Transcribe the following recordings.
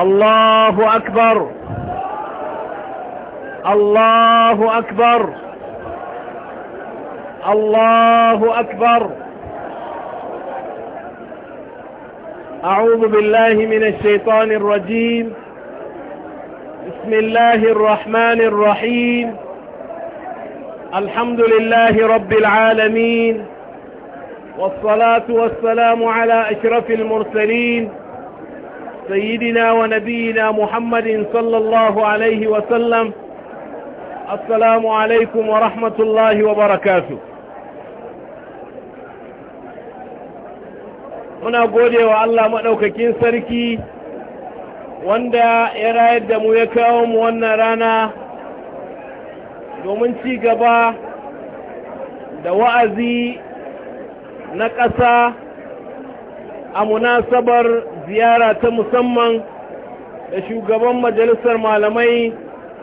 الله أكبر الله أكبر الله أكبر أعوذ بالله من الشيطان الرجيم بسم الله الرحمن الرحيم الحمد لله رب العالمين والصلاة والسلام على أشرف المرسلين سيدنا ونبينا محمد صلى الله عليه وسلم السلام عليكم ورحمة الله وبركاته muna godewa Allah maɗaukakin sarki wanda ya rayar da mu ya kawo mu wannan rana domin ci gaba da wa'azi na ƙasa a munasabar ziyara ta musamman da shugaban majalisar malamai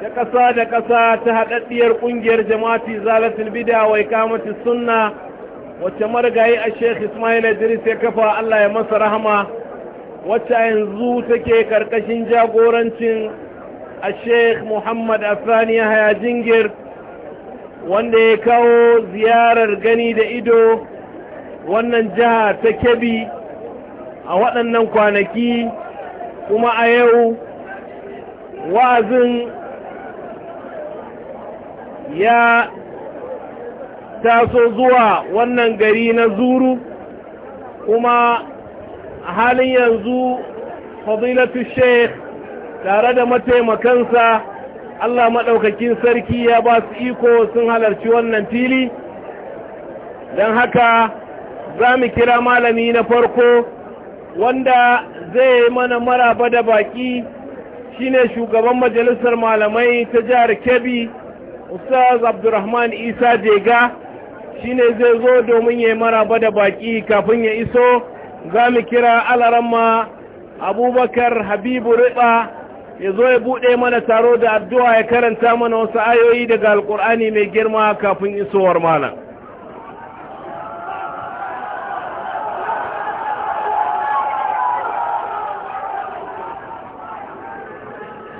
ta ƙasa da ƙasa ta haɗaɗɗiyar ƙungiyar jama'ati zalatul bida wai kamati sunna wacce marigayi a sheikh ismail idris ya kafa allah ya masa rahama wacce yanzu take karkashin jagorancin a sheikh muhammad asani haya jingir wanda ya kawo ziyarar gani da ido wannan jiha ta kebi a waɗannan kwanaki kuma a yau wa'azin ya taso zuwa wannan gari na zuru kuma a halin yanzu fadilatu sheikh tare da mataimakansa Allah maɗaukakin sarki ya ba su iko sun halarci wannan fili don haka za mu kira malami na farko wanda zai yi mana maraba da baki shine shugaban majalisar malamai ta jihar kebbi ustaz abdurrahman isa jega shine zai zo domin ya yi maraba da baki kafin ya iso za mu kira alaramma abubakar habibu riba ya zo ya buɗe mana taro da addu'a ya karanta mana wasu ayoyi daga alƙur'ani mai girma kafin isowar malam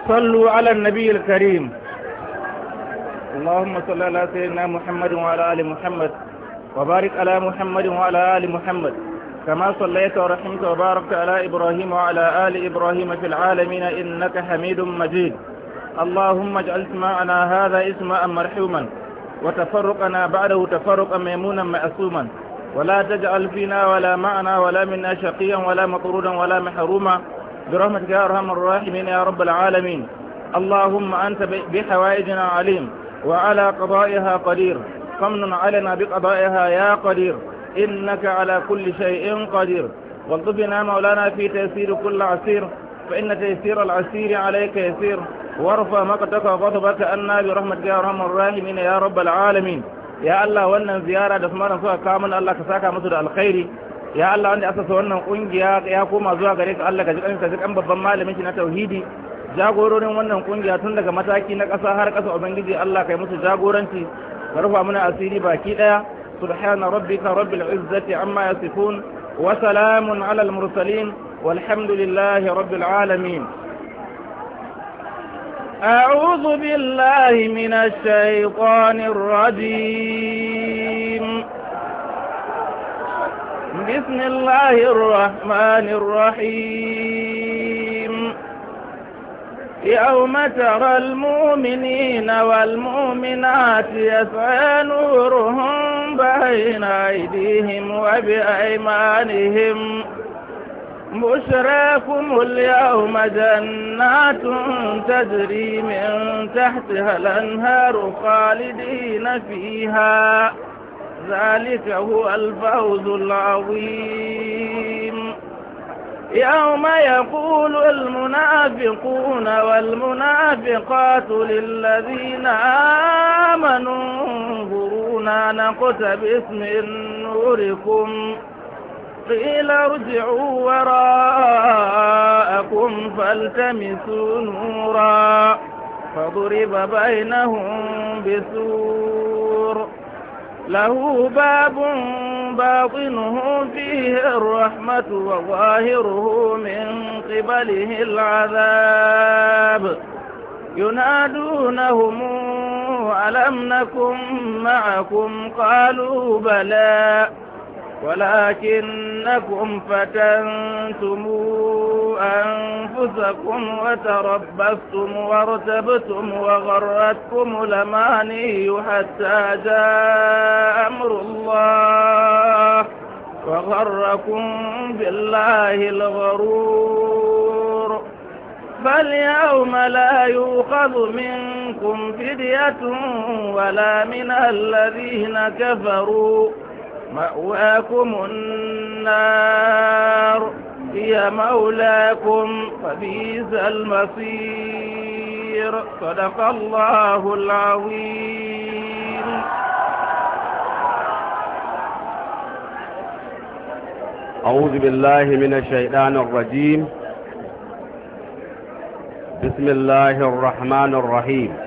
صلوا على النبي الكريم اللهم صل على سيدنا محمد وعلى آل محمد وبارك على محمد وعلى آل محمد كما صليت ورحمت وباركت على إبراهيم وعلى آل إبراهيم في العالمين إنك حميد مجيد اللهم اجعل اسماءنا هذا اسماء مرحوما وتفرقنا بعده تفرقا ميمونا مأسوما ولا تجعل فينا ولا معنا ولا منا شقيا ولا مطرودا ولا محروما برحمتك يا أرحم الراحمين يا رب العالمين اللهم أنت بحوائجنا عليم وعلى قضائها قدير فمن علينا بقضائها يا قدير إنك على كل شيء قدير والطفنا مولانا في تيسير كل عسير فإن تيسير العسير عليك يسير وارفع مقتك وغضبك أنا برحمتك يا أرحم الراحمين يا رب العالمين يا الله wannan زياره da su كامل الله كساكا مسجد الخير ya Allah wanda asasa wannan kungiya ya koma zuwa gare ka Allah ka ji kanka ji kan babban malamin shi na tauhidi jagororin wannan kungiya tun daga mataki na ƙasa har ƙasa ubangiji Allah kai musu jagoranci ka rufa mana asiri baki daya subhana rabbika rabbil izzati amma yasifun wa salamun ala al mursalin walhamdulillahi rabbil alamin أعوذ بالله من الشيطان الرجيم بسم الله الرحمن الرحيم يوم ترى المؤمنين والمؤمنات يسعى نورهم بين أيديهم وبأيمانهم بشراكم اليوم جنات تجري من تحتها الأنهار خالدين فيها ذلك هو الفوز العظيم يوم يقول المنافقون والمنافقات للذين آمنوا انظرونا نقتبس من نوركم قيل ارجعوا وراءكم فالتمسوا نورا فضرب بينهم بسور له باب باطنه فيه الرحمة وظاهره من قبله العذاب ينادونهم ألم نكن معكم قالوا بلى ولكنكم فتنتم أنفسكم وتربصتم وارتبتم وغرتكم لماني حتى جاء أمر الله وغركم بالله الغرور فاليوم لا يؤخذ منكم فدية ولا من الذين كفروا مأواكم النار هي مولاكم فبيز المصير صدق الله العظيم أعوذ بالله من الشيطان الرجيم بسم الله الرحمن الرحيم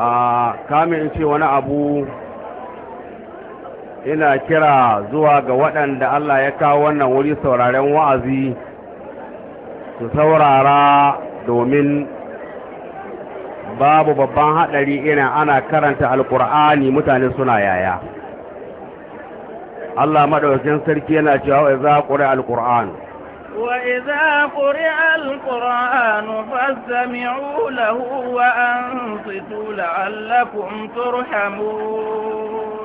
a kamin ce wani abu ina kira zuwa ga waɗanda Allah ya kawo wannan wuri sauraren wa'azi su saurara domin babu babban haɗari ina ana karanta Alƙur'ani mutane suna yaya Allah maɗaukin sarki yana cewa za ƙure Alƙur'ani. وإذا قرئ القرآن فاستمعوا له وأنصتوا لعلكم ترحمون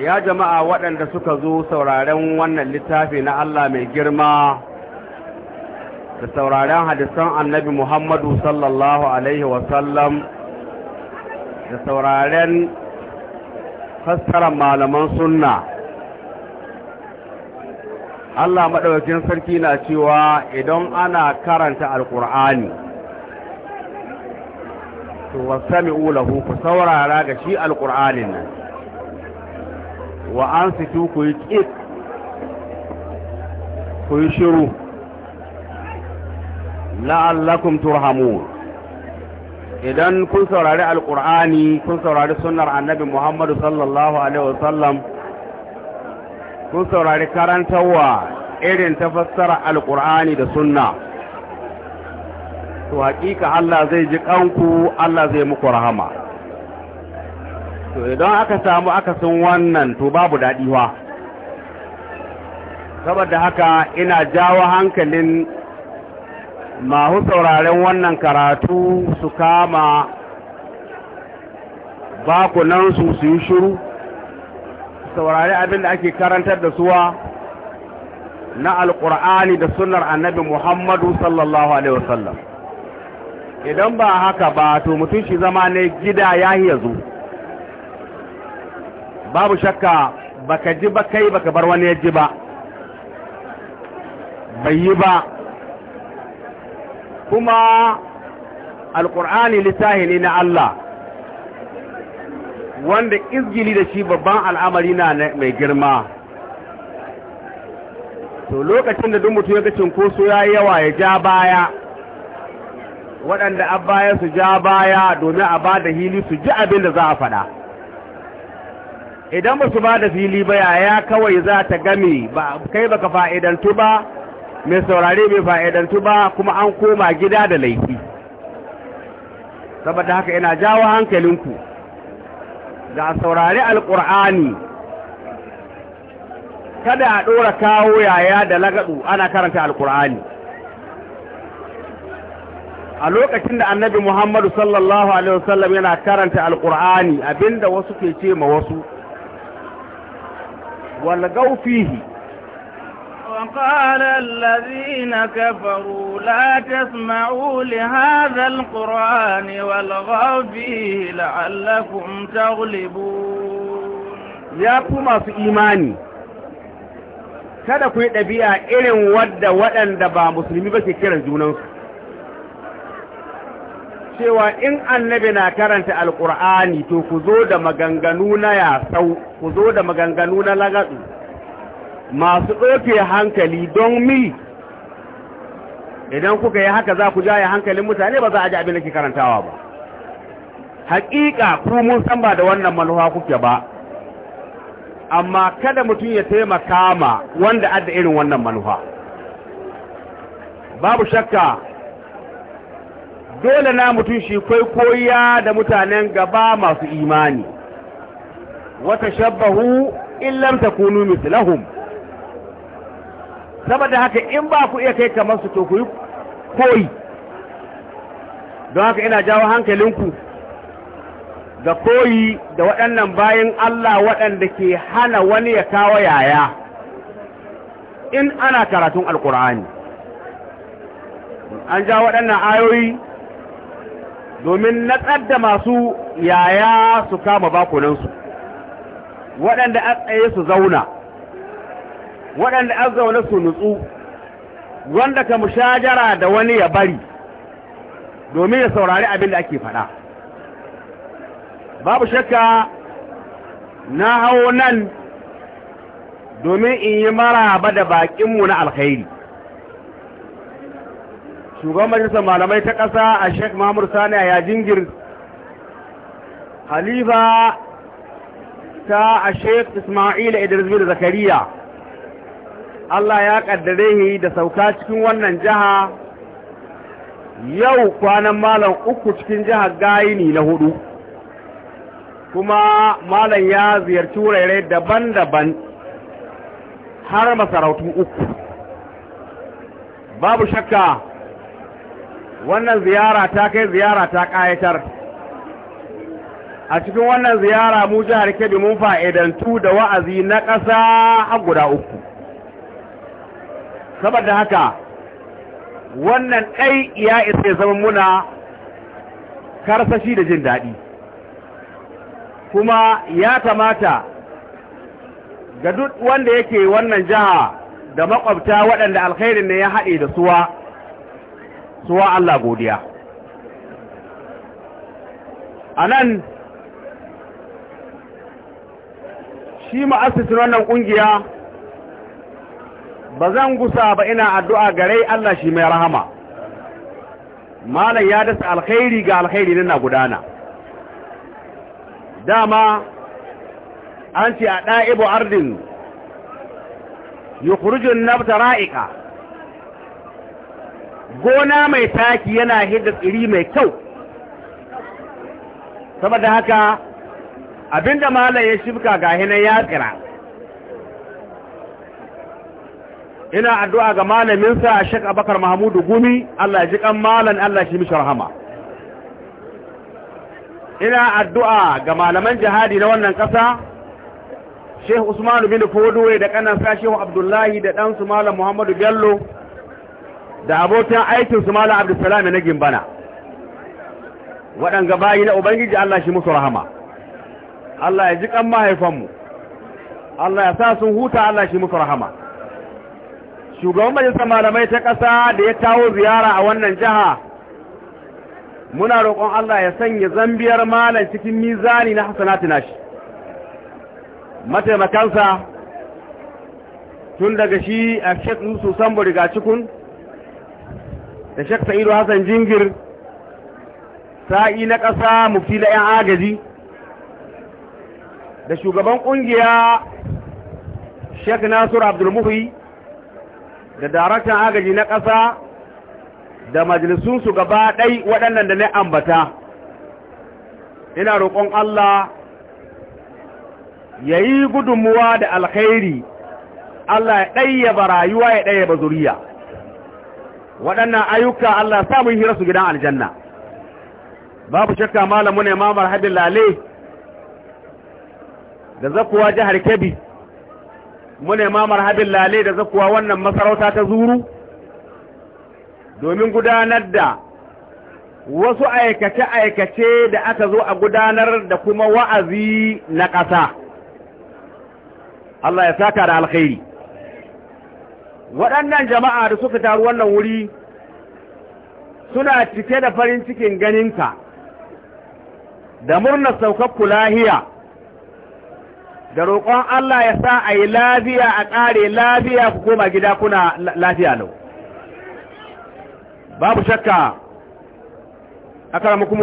ya jama'a waɗanda suka zo sauraren wannan littafi na Allah mai girma da sauraren hadisan annabi Muhammadu sallallahu Alaihi wasallam da sauraren fassarar malaman sunna Allah maɗaukin sarki na cewa idan ana karanta alƙur'ani to wasami ulahu ku saurara ga shi alƙur'anin nan wa an situ ku yi ƙit ku yi shiru la'allakum turhamun idan kun saurari alƙur'ani kun saurari sunar annabi muhammadu sallallahu alaihi wasallam kun saurari karantarwa irin ta fassara alkur'ani da sunna to haƙiƙa Allah zai ji kanku Allah zai muku rahama to idan aka samu akasin wannan to babu daɗiwa saboda haka ina jawo hankalin mahu sauraren wannan karatu su kama bakunansu su yi shiru saurari abin da ake karantar da suwa na alkur'ani da sunnar annabi muhammadu sallallahu alaihi wasallam idan ba haka ba to mutum shi zama ne gida ya yanzu babu shakka baka ji ba kai baka bar wani ya ji ba bai yi ba kuma alkur'ani littahi ne na Allah wanda izgili da shi babban al'amari na mai girma to lokacin da duk mutum ya ga cinkoso ya yi yawa ya ja baya waɗanda a baya su ja baya domin a ba da hili su ji abin da za a faɗa idan ba su ba da fili ba yaya kawai za ta gami ba kai baka fa'idantu ba mai saurare mai fa'idantu ba kuma an koma gida da laifi saboda haka ina jawo hankalinku da saurari alƙur'ani kada a ɗora kawo yaya da lagaɗu ana karanta alƙur'ani a lokacin da annabi muhammadu sallallahu alaihi wasallam yana karanta alƙur'ani abinda wasu ke ce ma wasu walgaufihi وقال الذين كفروا لا تسمعوا لهذا القرآن والغوا فيه لعلكم تغلبون يا كما في إيماني kada ku yi ɗabi'a irin wadda waɗanda ba musulmi ba ke kiran junansu cewa in annabi na karanta alƙur'ani to ku zo da maganganu na yasau ku zo da maganganu na lagatsu masu ɗauke hankali don mi idan kuka yi haka za ku jaye hankalin mutane ba za a ji abin da ke karantawa ba haƙiƙa ku mun san ba da wannan manufa kuke ba amma kada mutum ya taimaka ma wanda adda irin wannan manufa babu shakka dole na mutum shi koya da mutanen gaba masu imani wata shabbahu illam takunu mislahum saboda haka in ba ku iya kai kamar su to ku yi koyi don haka ina jawo hankalinku ga koyi da waɗannan bayan Allah waɗanda ke hana wani ya kawo yaya in ana karatun alkur'ani an ja waɗannan ayoyi domin natsar da masu yaya su kama bakunansu waɗanda a tsaye su zauna waɗanda an zaune su nutsu wanda ka mushajara da wani ya bari domin ya saurari abin da ake faɗa babu shakka na hau nan domin in yi maraba da baƙinmu na alkhairi shugaban majalisar malamai ta ƙasa a sheik mahmud sani a yajingir halifa ta a sheik ismaila idris bin zakariya Allah ya kaddare shi da sauka cikin wannan jiha yau kwanan malam uku cikin jihar gaini na hudu kuma malam ya ziyarci wurare daban-daban har masarautu uku babu shakka wannan ziyara ta kai ziyara ta ƙayatar a cikin wannan ziyara mu jihar kebbi mun fa'idantu da wa'azi na ƙasa har guda uku saboda haka wannan ɗai ya isa ya zama muna karsashi da jin daɗi kuma ya kamata ga duk wanda yake wannan jiha da makwabta waɗanda alkhairin ne ya haɗe da suwa suwa Allah godiya a nan shi ma'asisin wannan ƙungiya ba zan gusa ba ina addu'a gare Allah shi mai rahama malam ya dasa alkhairi ga alkhairi na gudana dama an ce a ɗa'ibu ardin yukurjun nafta ra'ika gona mai taki yana hidda tsiri mai kyau saboda haka abinda malam ya shifka ga hinan ya tsira ina addu'a ga malaminsa a shek abakar mahamudu gumi Allah ji kan malan Allah shi mishi rahama ina addu'a ga malaman jihadi na wannan ƙasa Sheikh usmanu bin fodowe da ƙanansa shehu abdullahi da ɗansu malam muhammadu bello da abokin aikinsu malam abdulsalami na gimbana waɗanga bayi na ubangiji Allah shi musu rahama Allah ya ji kan mahaifanmu Allah ya sa sun huta Allah shi musu rahama shugaban majalisar malamai ta ƙasa da ya kawo ziyara a wannan jiha muna roƙon Allah ya sanya zambiyar malam cikin mizani na hasanatu nashi mataimakansa tun daga shi a shek nusu sambo daga cikin da shek sa'idu hassan jingir sa'i na ƙasa mufti na 'yan agaji da shugaban ƙungiya shek nasiru abdulmuhi da daraktan agaji na ƙasa da majalisunsu gaba ɗai waɗannan da na ambata ina roƙon Allah ya yi gudunmuwa da alkhairi Allah ya ɗayyaba rayuwa ya ɗayyaba zuriya waɗannan ayyuka Allah samun hira su gidan aljanna babu shakka malamu ne mamar hadin lale da zakuwa jihar kebbi muna ma marhabin lale da zakuwa wannan masarauta ta zuru domin gudanar da wasu aikace-aikace da aka zo a gudanar da kuma wa'azi na ƙasa Allah ya saka da alkhairi waɗannan jama'a da suka taru wannan wuri suna cike da farin cikin ganinka da murnar saukakku lahiya da roƙon Allah ya sa a yi lafiya a ƙare lafiya ku koma gida kuna lafiya lau babu shakka a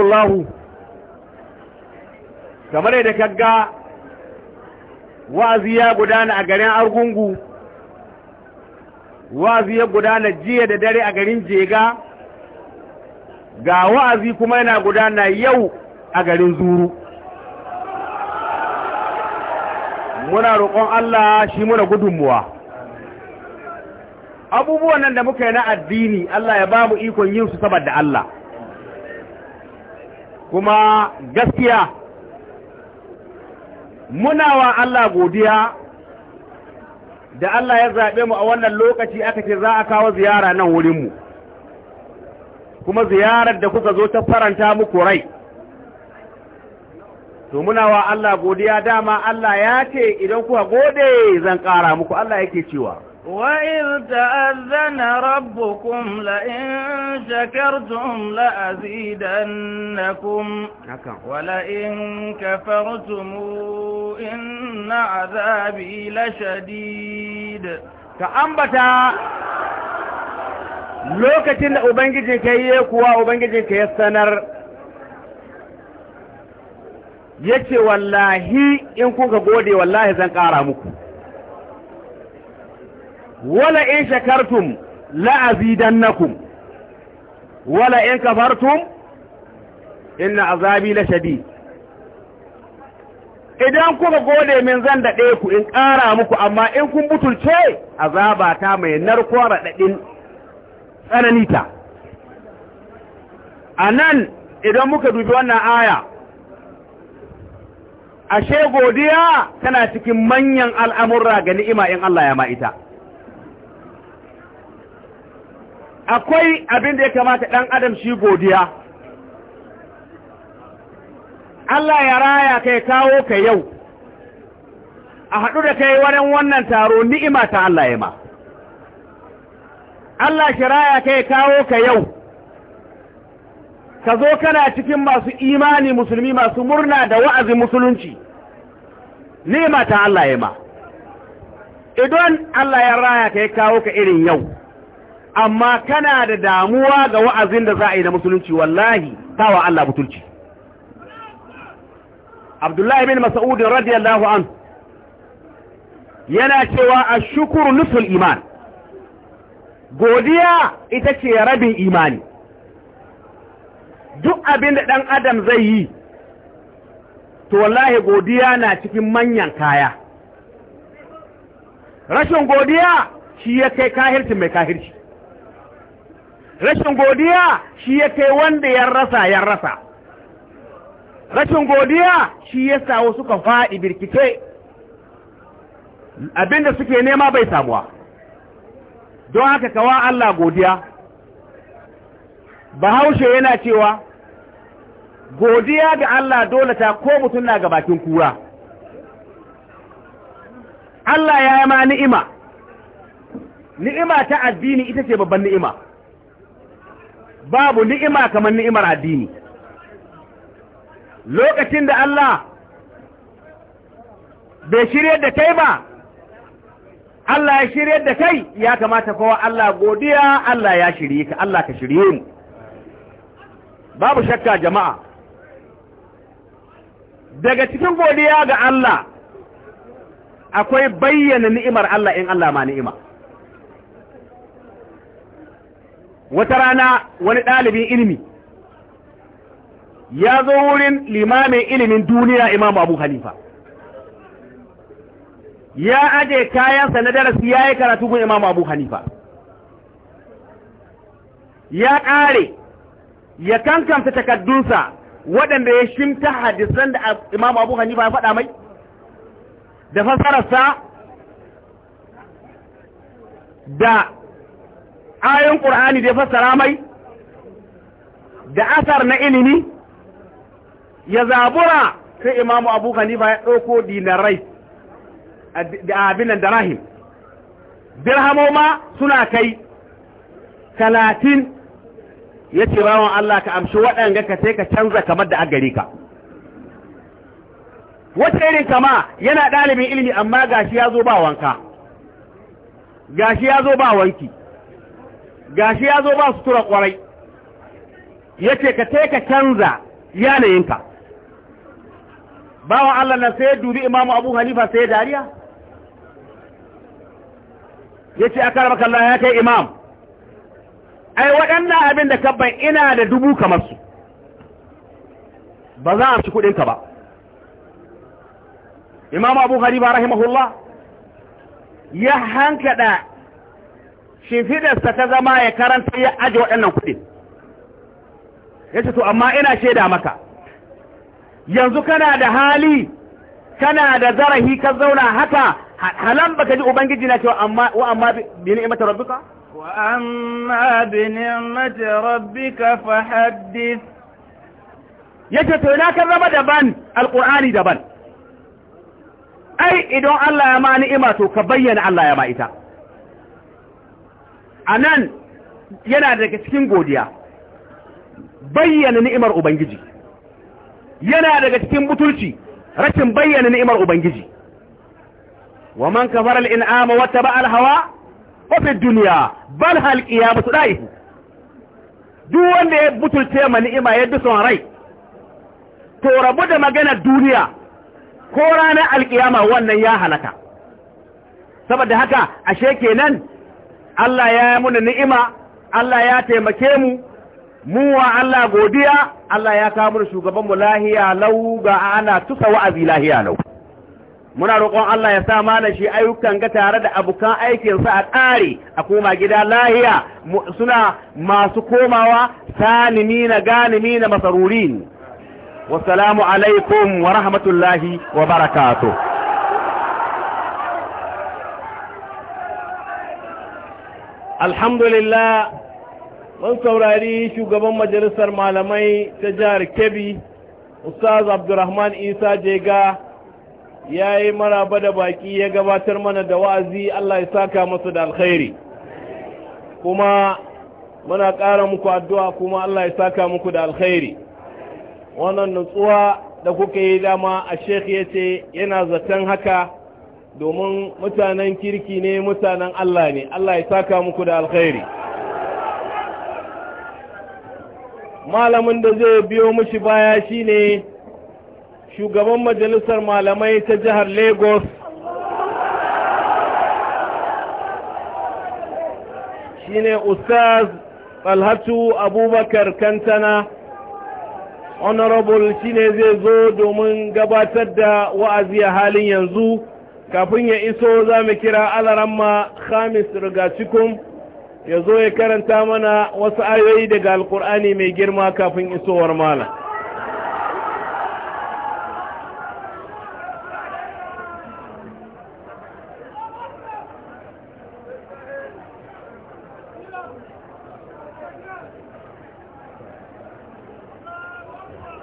lahu kamar yadda kagga wa'azi ya gudana a garin argungu wa'azi ya gudana jiya da dare a garin jega ga wa'azi kuma yana gudana yau a garin zuru muna roƙon Allah shi muna gudunmuwa abubuwan nan da muka yi na addini Allah ya ba mu ikon yin su saboda Allah kuma gaskiya muna wa Allah godiya da Allah ya zaɓe mu a wannan lokaci aka ce za a kawo ziyara nan wurinmu kuma ziyarar da kuka zo ta faranta muku rai to muna wa Allah godiya dama Allah ya ce idan kuka gode zan ƙara muku Allah yake cewa wa in ta'azzana rabbukum la in shakartum la azidannakum wa la in kafartum inna azabi lashadid ka ambata lokacin da ubangijin kai kuwa ubangijin ka ya sanar yace wallahi in kuka gode wallahi zan ƙara muku wala in shakartum la azidannakum wala in kafartum inna azabi la shadid idan kuka gode min zan daɗe ku in ƙara muku amma in kun butulce azaba ta mai narko raɗaɗin tsananita a nan idan muka dubi wannan aya ashe godiya tana cikin manyan al'amurra ga ni'ima in Allah ya ma'ita akwai abin da ya kamata ɗan adam shi godiya Allah ya raya kai kawo ka yau a haɗu da kai wurin wannan taro ni'ima ta Allah ya ma Allah shi raya kai kawo ka yau ka zo kana cikin masu imani musulmi masu murna da wa'azin musulunci nema ta Allah ya ma idan Allah ya raya ka ya kawo ka irin yau amma kana da damuwa ga wa'azin da za a yi da musulunci wallahi tawa Allah butulci Abdullahi bin Mas'ud radiyallahu an yana cewa a shukuru nufin iman godiya ita ce rabin imani abin da ɗan adam zai yi to wallahi godiya na cikin manyan kaya rashin godiya shi ya kai kahirci mai kahirci rashin godiya shi ya kai wanda ya rasa ya rasa rashin godiya shi ya sawo suka faɗi birkice da suke nema bai samuwa don haka kawa Allah godiya bahaushe yana cewa godiya ga Allah dole ta ko mutum na ga bakin kura Allah ya yi ma ni'ima ni'ima ta addini ita ce babban ni'ima babu ni'ima kamar ni'imar addini lokacin da Allah bai shirye da kai ba Allah ya shirye da kai ya kamata kowa Allah godiya Allah ya shirye ka Allah ka shirye mu babu shakka jama'a daga cikin godiya ga Allah akwai bayyana ni'imar Allah in Allah ma ni'ima wata rana wani ɗalibin ilimi ya zo wurin limamin ilimin duniya Imam abu hanifa ya aje kayansa na darasi ya yi karatu gun imam abu hanifa ya ƙare ya kankamta takaddunsa waɗanda ya shimta hadisan da imam abu hanifa ya faɗa mai da fassararsa da ayon ƙur'ani da ya fassara mai da asar na ilimi ya zabura sai imamu abu hanifa ya ɗauko dinarai da abinan da rahim dirhamoma suna kai talatin ya ce bawan Allah ka amshi waɗanga ka sai ka canza kamar da agari ka wata irin kama yana ɗalibin ilimi amma gashi ya zo ba wanka gashi ya zo ba wanki gashi ya zo ba sutura kwarai ya ce ka sai ka canza yanayinka bawan Allah na sai dubi imamu abu hanifa sai dariya ya ce aka rabaka ya kai imam ai waɗannan abin da kabban ina da dubu kamar su ba za a ci kuɗinka ba imam abu hariba rahimahullah ya hankada shimfidarsa ta zama ya karanta ya aji waɗannan kuɗi. ya ce to amma ina shaida maka yanzu kana da hali kana da zarahi ka zauna haka halan baka ji ubangiji na cewa wa amma bi ni'imata rabbuka وأما بنعمة ربك فحدث yake to ina kan zama daban alqur'ani daban ai idan Allah ya ma ni'ima ka bayyana Allah ya ma ita anan yana daga cikin godiya bayyana ni'imar ubangiji yana daga cikin butulci rashin bayyana ni'imar ubangiji wa man kafara al hawa wafi duniya bal su qiyamatu ihu duk wanda ya butulce ma ni'ima ya bi son rai to rabu da magana duniya ko ranar alƙiyama wannan ya halaka saboda haka ashe kenan Allah ya yi muna ni'ima Allah ya taimake mu mu wa Allah godiya Allah ya kawo mu shugaban mu lahiya lau ga ana tusa wa'azi lahiya lau muna roƙon Allah ya sa malam shi ayyukan ga tare da abokan aikinsa a ƙare a koma gida lahiya suna masu komawa sanimi na ganimi na masarurin wasalamu alaikum wa rahmatullahi wa barakatuh alhamdulillah mun saurari shugaban majalisar malamai ta jihar kebbi ustaz abdurrahman isa jega ya yi maraba da baki ya gabatar mana da wa'azi Allah ya saka masa da alkhairi kuma muna ƙara muku addu'a kuma Allah ya saka muku da alkhairi wannan nutsuwa da kuka yi dama a sheikh ya ce yana zaton haka domin mutanen kirki ne mutanen Allah ne Allah ya saka muku da alkhairi malamin da zai biyo mushi baya shine shugaban majalisar malamai ta jihar lagos shine ustaz alhatu abubakar kantana honorable shine zai zo domin gabatar da wa'azi a halin yanzu kafin ya iso za mu kira alaramma khamis rigacikun ya zo ya karanta mana wasu ayoyi daga alkur'ani mai girma kafin isowar malam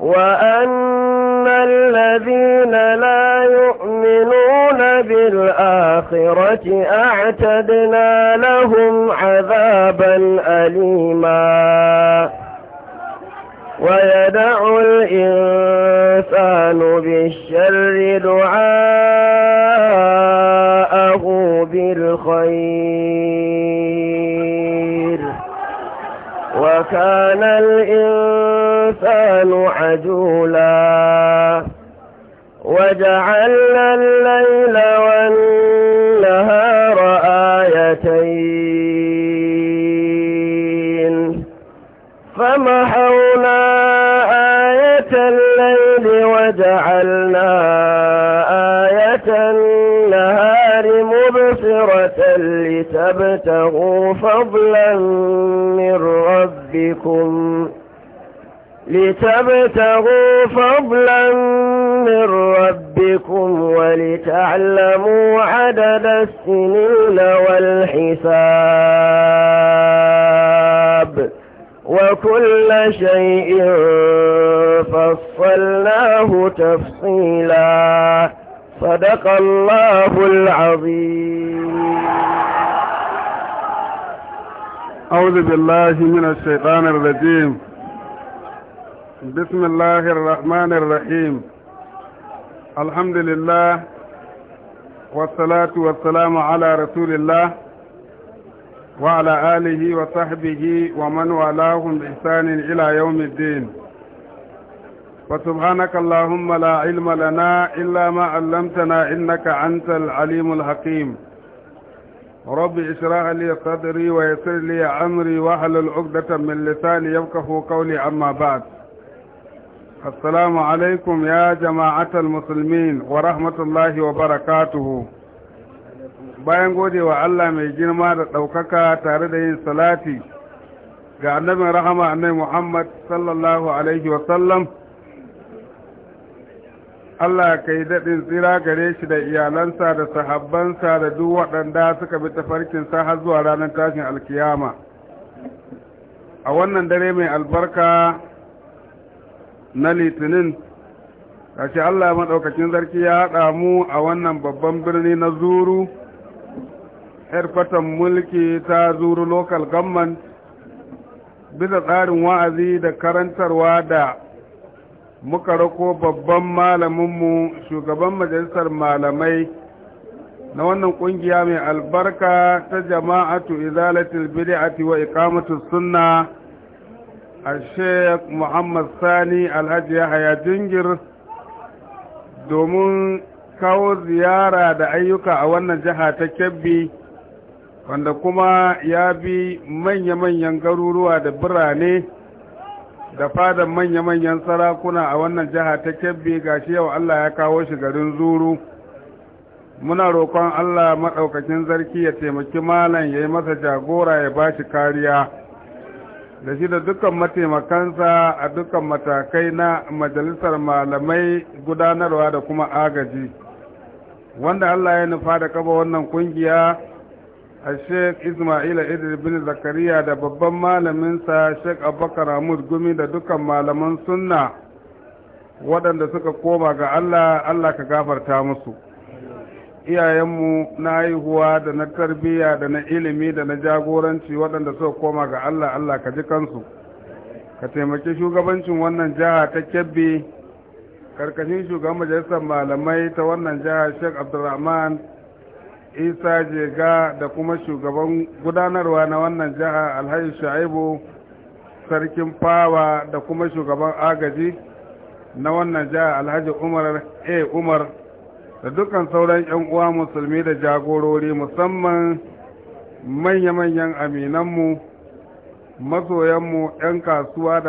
وأن الذين لا يؤمنون بالآخرة أعتدنا لهم عذابا أليما ويدع الإنسان بالشر دعاءه بالخير وكان الإنسان عجولا وجعلنا الليل والنهار آيتين فمحونا آية الليل وجعلنا لتبتغوا فضلا من ربكم لتبتغوا فضلا من ربكم ولتعلموا عدد السنين والحساب وكل شيء فصلناه تفصيلاً صدق الله العظيم أعوذ بالله من الشيطان الرجيم بسم الله الرحمن الرحيم الحمد لله والصلاة والسلام على رسول الله وعلى آله وصحبه ومن والاهم بإحسان إلى يوم الدين وسبحانك اللهم لا علم لنا إلا ما علمتنا إنك أنت العليم الحكيم رب اشرح لي صدري ويسر لي أمري واحلل عقدة من لساني يفقه قولي أما بعد السلام عليكم يا جماعة المسلمين ورحمة الله وبركاته bayan gode wa Allah mai girma da ɗaukaka tare da yin salati ga annabin rahama annabi Muhammad sallallahu alaihi wasallam Allah ka yi daɗin tsira gare shi da iyalansa da sahabbansa da duk waɗanda suka bi tafarkinsa har zuwa ranar tashin alkiyama. A wannan dare mai albarka na litinin, kashi Allah maɗaukacin zarki ya haɗa mu a wannan babban birni na zuru, fatan mulki ta zuru local government, bisa tsarin wa'azi da karantarwa da muka rako babban malaminmu shugaban majalisar malamai na wannan kungiya mai albarka ta jama'atu izalatul bid'ati wa iqamatus sunna al-sheikh Muhammad Sani Alhaji Yahaya Jingir domin kawo ziyara da ayyuka a wannan jiha ta Kebbi wanda kuma ya bi manya-manyan garuruwa da birane da fadan manya-manyan sarakuna a wannan jiha ta kebbi ga shi yau Allah ya kawo shi garin zuru muna roƙon Allah maɗaukakin zarki ya taimaki malam ya yi masa jagora ya ba shi kariya da shi da dukkan mataimakansa a dukkan matakai na majalisar malamai gudanarwa da kuma agaji wanda Allah ya nufa da kaba wannan ƙungiya. Sheikh Ismaila Idris bin Zakariya da babban malaminsa Sheikh Abubakar Hamud Gumi da dukan malaman sunna waɗanda suka koma ga Allah, Allah ka gafarta musu. Iyayenmu na haihuwa da na tarbiyya da na ilimi da na jagoranci waɗanda suka koma ga Allah, Allah ka ji kansu. Ka taimaki shugabancin wannan jiha ta Kebbi, karkashin shugaban majalisar malamai ta wannan jiha Sheikh Abdulrahman isa jega da kuma shugaban gudanarwa na wannan jiha alhaji shaibu sarkin fawa da kuma shugaban agaji na wannan jiha alhaji umar a umar da dukkan sauran 'yan uwa musulmi da jagorori musamman manya-manyan aminanmu masoyanmu 'yan kasuwa da